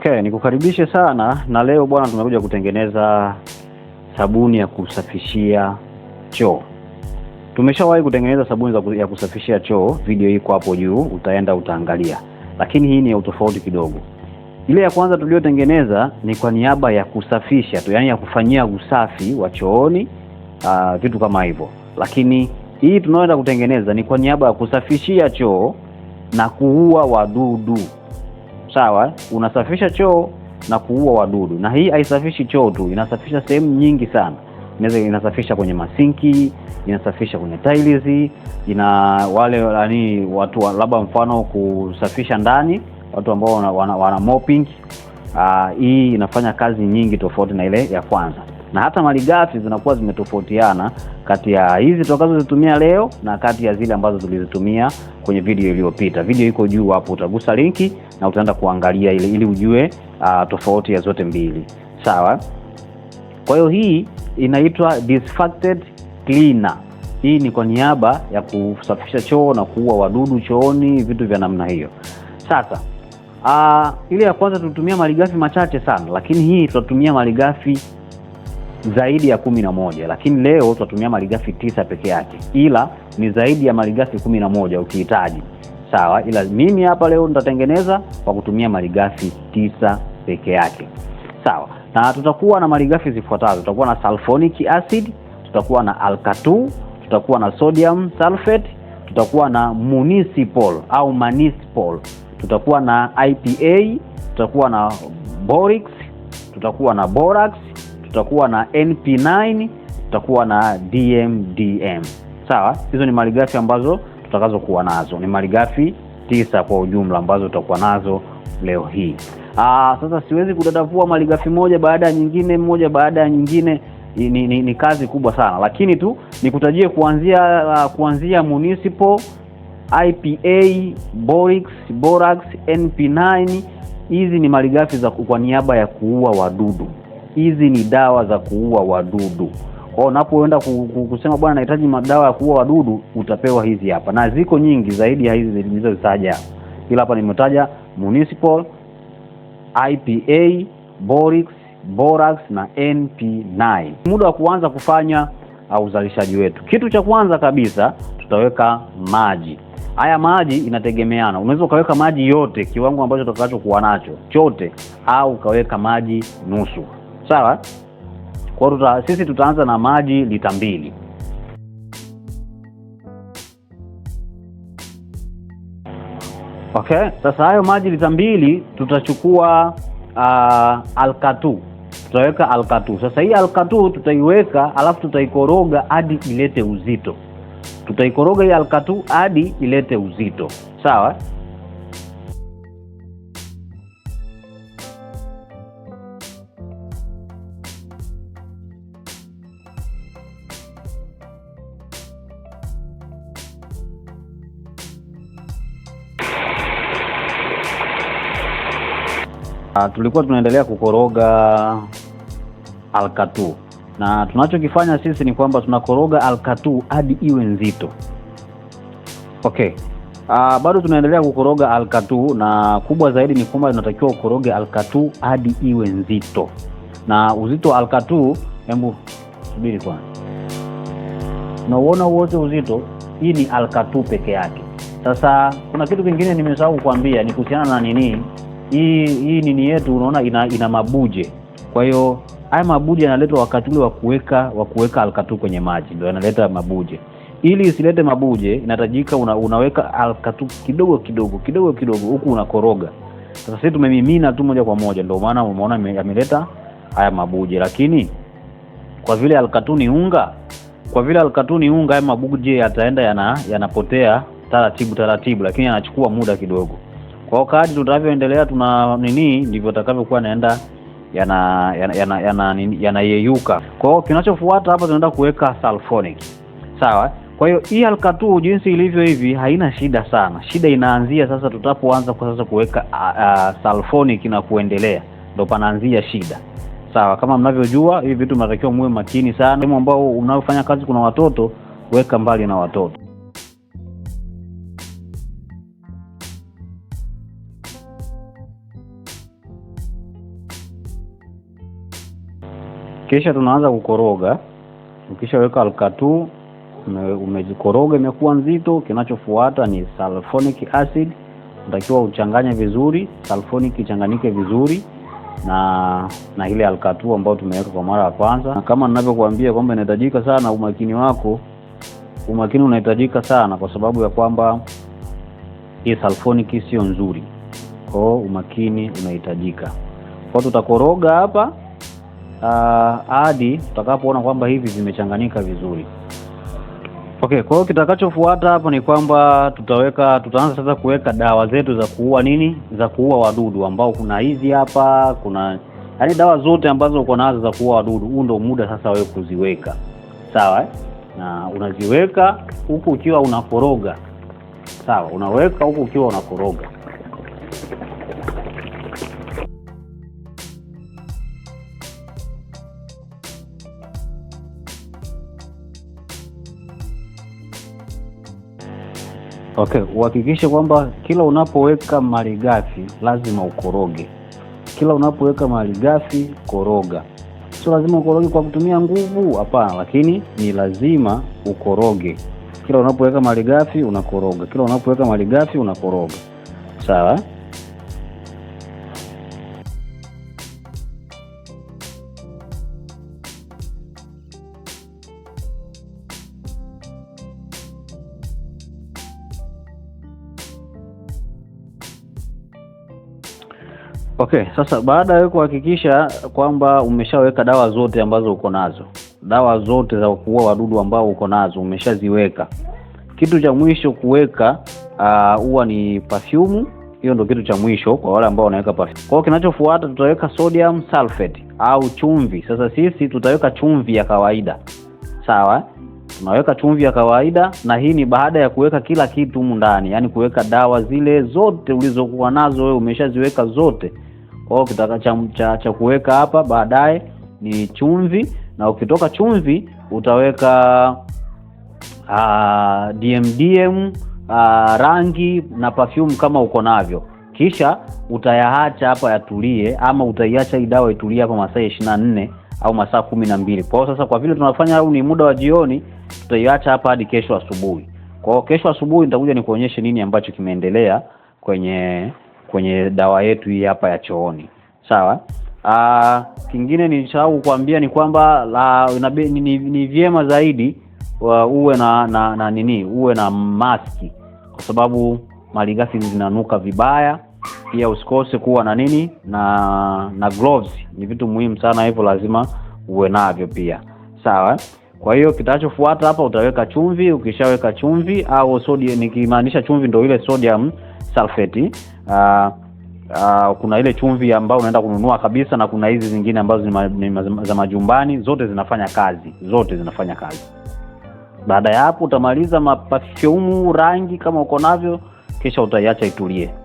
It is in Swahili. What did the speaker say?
Okay, nikukaribishe sana na leo bwana, tumekuja kutengeneza sabuni ya kusafishia choo. Tumeshawahi kutengeneza sabuni ya kusafishia choo, video iko hapo juu, utaenda utaangalia, lakini hii ni ya utofauti kidogo. Ile ya kwanza tuliyotengeneza ni kwa niaba ya kusafisha tu, yaani ya kufanyia usafi wa chooni, ah, vitu kama hivyo, lakini hii tunaoenda kutengeneza ni kwa niaba ya kusafishia choo na kuua wadudu sawa, unasafisha choo na kuua wadudu. Na hii haisafishi choo tu, inasafisha sehemu nyingi sana. Inasafisha kwenye masinki, inasafisha kwenye tiles, ina wale nani watu labda mfano kusafisha ndani, watu ambao wana, wana, wana mopping. Ah, hii inafanya kazi nyingi tofauti na ile ya kwanza na hata malighafi zinakuwa zimetofautiana kati ya hizi tutakazozitumia leo na kati ya zile ambazo tulizitumia kwenye video iliyopita. Video iko juu hapo, utagusa linki na utaenda kuangalia ili, ili ujue uh, tofauti ya zote mbili, sawa. Kwa hiyo hii inaitwa disinfectant cleaner. Hii ni kwa niaba ya kusafisha choo na kuua wadudu chooni, vitu vya namna hiyo. Sasa uh, ile ya kwanza tulitumia malighafi machache sana, lakini hii tutatumia malighafi zaidi ya kumi na moja, lakini leo tutatumia malighafi tisa peke yake, ila ni zaidi ya malighafi kumi na moja ukihitaji, sawa. Ila mimi hapa leo nitatengeneza kwa kutumia malighafi tisa peke yake, sawa. Na tutakuwa na malighafi zifuatazo: tutakuwa na sulfonic acid, tutakuwa na alkatu, tutakuwa na sodium sulfate, tutakuwa na municipal au municipal, tutakuwa na IPA, tutakuwa na borix, tutakuwa na borax tutakuwa na NP9, tutakuwa na DMDM. Sawa, hizo ni malighafi ambazo tutakazokuwa nazo, ni malighafi tisa kwa ujumla ambazo tutakuwa nazo leo hii. Aa, ah, sasa siwezi kudadavua malighafi moja baada ya nyingine moja baada ya nyingine ni, ni, ni kazi kubwa sana, lakini tu nikutajie kuanzia uh, kuanzia municipal IPA, Borix, Borax, NP9 hizi ni malighafi za kwa niaba ya kuua wadudu hizi ni dawa za kuua wadudu. Kwa unapoenda kusema bwana, nahitaji madawa ya kuua wadudu, utapewa hizi hapa, na ziko nyingi zaidi ya hizi zilizozitaja hapa, ila hapa nimetaja municipal, IPA, borix, borax na NP9. Muda wa kuanza kufanya uh, uzalishaji wetu, kitu cha kwanza kabisa tutaweka maji. Haya maji inategemeana, unaweza ukaweka maji yote kiwango ambacho utakachokuwa nacho chote, au ukaweka maji nusu sawa. Kwa tuta, sisi tutaanza na maji lita mbili. Okay, sasa hayo maji lita mbili tutachukua uh, alkatu tutaweka alkatu. Sasa hii alkatu tutaiweka, alafu tutaikoroga hadi ilete uzito. Tutaikoroga hii alkatu hadi ilete uzito, sawa. Ah, tulikuwa tunaendelea kukoroga alkatu na tunachokifanya sisi ni kwamba tunakoroga alkatu hadi iwe nzito. Okay. Uh, bado tunaendelea kukoroga alkatu na kubwa zaidi ni kwamba tunatakiwa ukoroge alkatu hadi iwe nzito, na uzito wa alkatu, hebu subiri kwanza, unauona wote uzito. Hii ni alkatu peke yake. Sasa kuna kitu kingine nimesahau kukwambia ni kuhusiana na nini hii hii nini yetu unaona ina, ina mabuje. Kwa hiyo haya mabuje yanaletwa wakati ule wa kuweka wa kuweka alkatu kwenye maji, ndio yanaleta mabuje. Ili isilete mabuje, inatajika una, unaweka alkatu kidogo kidogo kidogo kidogo, huku unakoroga. Sasa sisi tumemimina tu moja kwa moja, ndio maana umeona ameleta haya mabuje, lakini kwa vile alkatu ni unga, kwa vile alkatu ni unga, haya mabuje yataenda yanapotea yana taratibu taratibu, lakini yanachukua muda kidogo. Kwa kadi tutavyoendelea tuna nini, ndivyo takavyokuwa naenda yana yanayeyuka yana, yana, yana. Kwa hiyo kinachofuata hapa tunaenda kuweka sulfonic, sawa. Kwa hiyo hii alkatu jinsi ilivyo hivi haina shida sana. Shida inaanzia sasa tutapoanza kwa sasa kuweka sulfonic na kuendelea, ndo panaanzia shida. Sawa, kama mnavyojua hivi vitu mnatakiwa muwe makini sana. Sehemu ambao unaofanya kazi kuna watoto, weka mbali na watoto. Kisha tunaanza kukoroga. Ukishaweka alkatu umejikoroga, imekuwa nzito, kinachofuata ni sulfonic acid. Unatakiwa uchanganye vizuri, sulfonic ichanganyike vizuri na na ile alkatu ambayo tumeweka kwa mara ya kwanza, na kama ninavyokuambia kwamba inahitajika sana umakini wako, umakini unahitajika sana kwa sababu ya kwamba hii sulfonic sio nzuri, kwao umakini unahitajika. Kwa tutakoroga hapa Ah, hadi tutakapoona kwamba hivi vimechanganyika vizuri. Okay, kwa hiyo kitakachofuata hapo ni kwamba tutaweka, tutaanza sasa kuweka dawa zetu za kuua nini, za kuua wadudu ambao kuna hizi hapa, kuna yaani dawa zote ambazo uko nazo za kuua wadudu. Huu ndio muda sasa wewe kuziweka, sawa eh? na unaziweka huku ukiwa unakoroga, sawa, unaweka huku ukiwa unakoroga. Okay, uhakikishe kwamba kila unapoweka malighafi lazima ukoroge. Kila unapoweka mali gafi koroga. Sio lazima ukoroge kwa kutumia nguvu, hapana, lakini ni lazima ukoroge. Kila unapoweka malighafi unakoroga, kila unapoweka malighafi unakoroga, sawa. Okay, sasa baada ya kuhakikisha kwamba umeshaweka dawa zote ambazo uko nazo, dawa zote za kuua wadudu ambao uko nazo umeshaziweka, kitu cha mwisho kuweka ah, huwa uh, ni perfume. Hiyo ndo kitu cha mwisho kwa wale ambao wanaweka perfume. Kwa hiyo kinachofuata tutaweka sodium sulfate au chumvi. Sasa sisi tutaweka chumvi ya kawaida, sawa? Tunaweka chumvi ya kawaida, na hii ni baada ya kuweka kila kitu humu ndani, yaani kuweka dawa zile zote ulizokuwa nazo wewe, umeshaziweka zote kwao kitaka cha, cha, cha kuweka hapa baadaye ni chumvi, na ukitoka chumvi utaweka uh, ah, DMDM uh, ah, rangi na pafyum kama uko navyo, kisha utayaacha hapa yatulie, ama utaiacha hii dawa itulie hapa masaa ishirini na nne au masaa kumi na mbili. kwao sasa, kwa vile tunafanya au ni muda wa jioni, tutaiacha hapa hadi kesho asubuhi. kwao kesho asubuhi nitakuja nikuonyeshe nini ambacho kimeendelea kwenye kwenye dawa yetu hii hapa ya chooni, sawa. Aa, ah, kingine nilisahau kuambia ni kwamba la, inabe, ni, ni, ni vyema zaidi uwe na, na, na nini uwe na maski kwa sababu maligasi zinanuka vibaya. Pia usikose kuwa na nini na na gloves, ni vitu muhimu sana hivyo, lazima uwe navyo pia, sawa. Kwa hiyo kitachofuata hapa utaweka chumvi. Ukishaweka chumvi au sodium, nikimaanisha chumvi ndo ile sodium sulfate uh, Uh, kuna ile chumvi ambayo unaenda kununua kabisa na kuna hizi zingine ambazo ni, ma, ni ma, za majumbani. Zote zinafanya kazi, zote zinafanya kazi. Baada ya hapo utamaliza mapafyumu rangi kama uko navyo, kisha utaiacha itulie.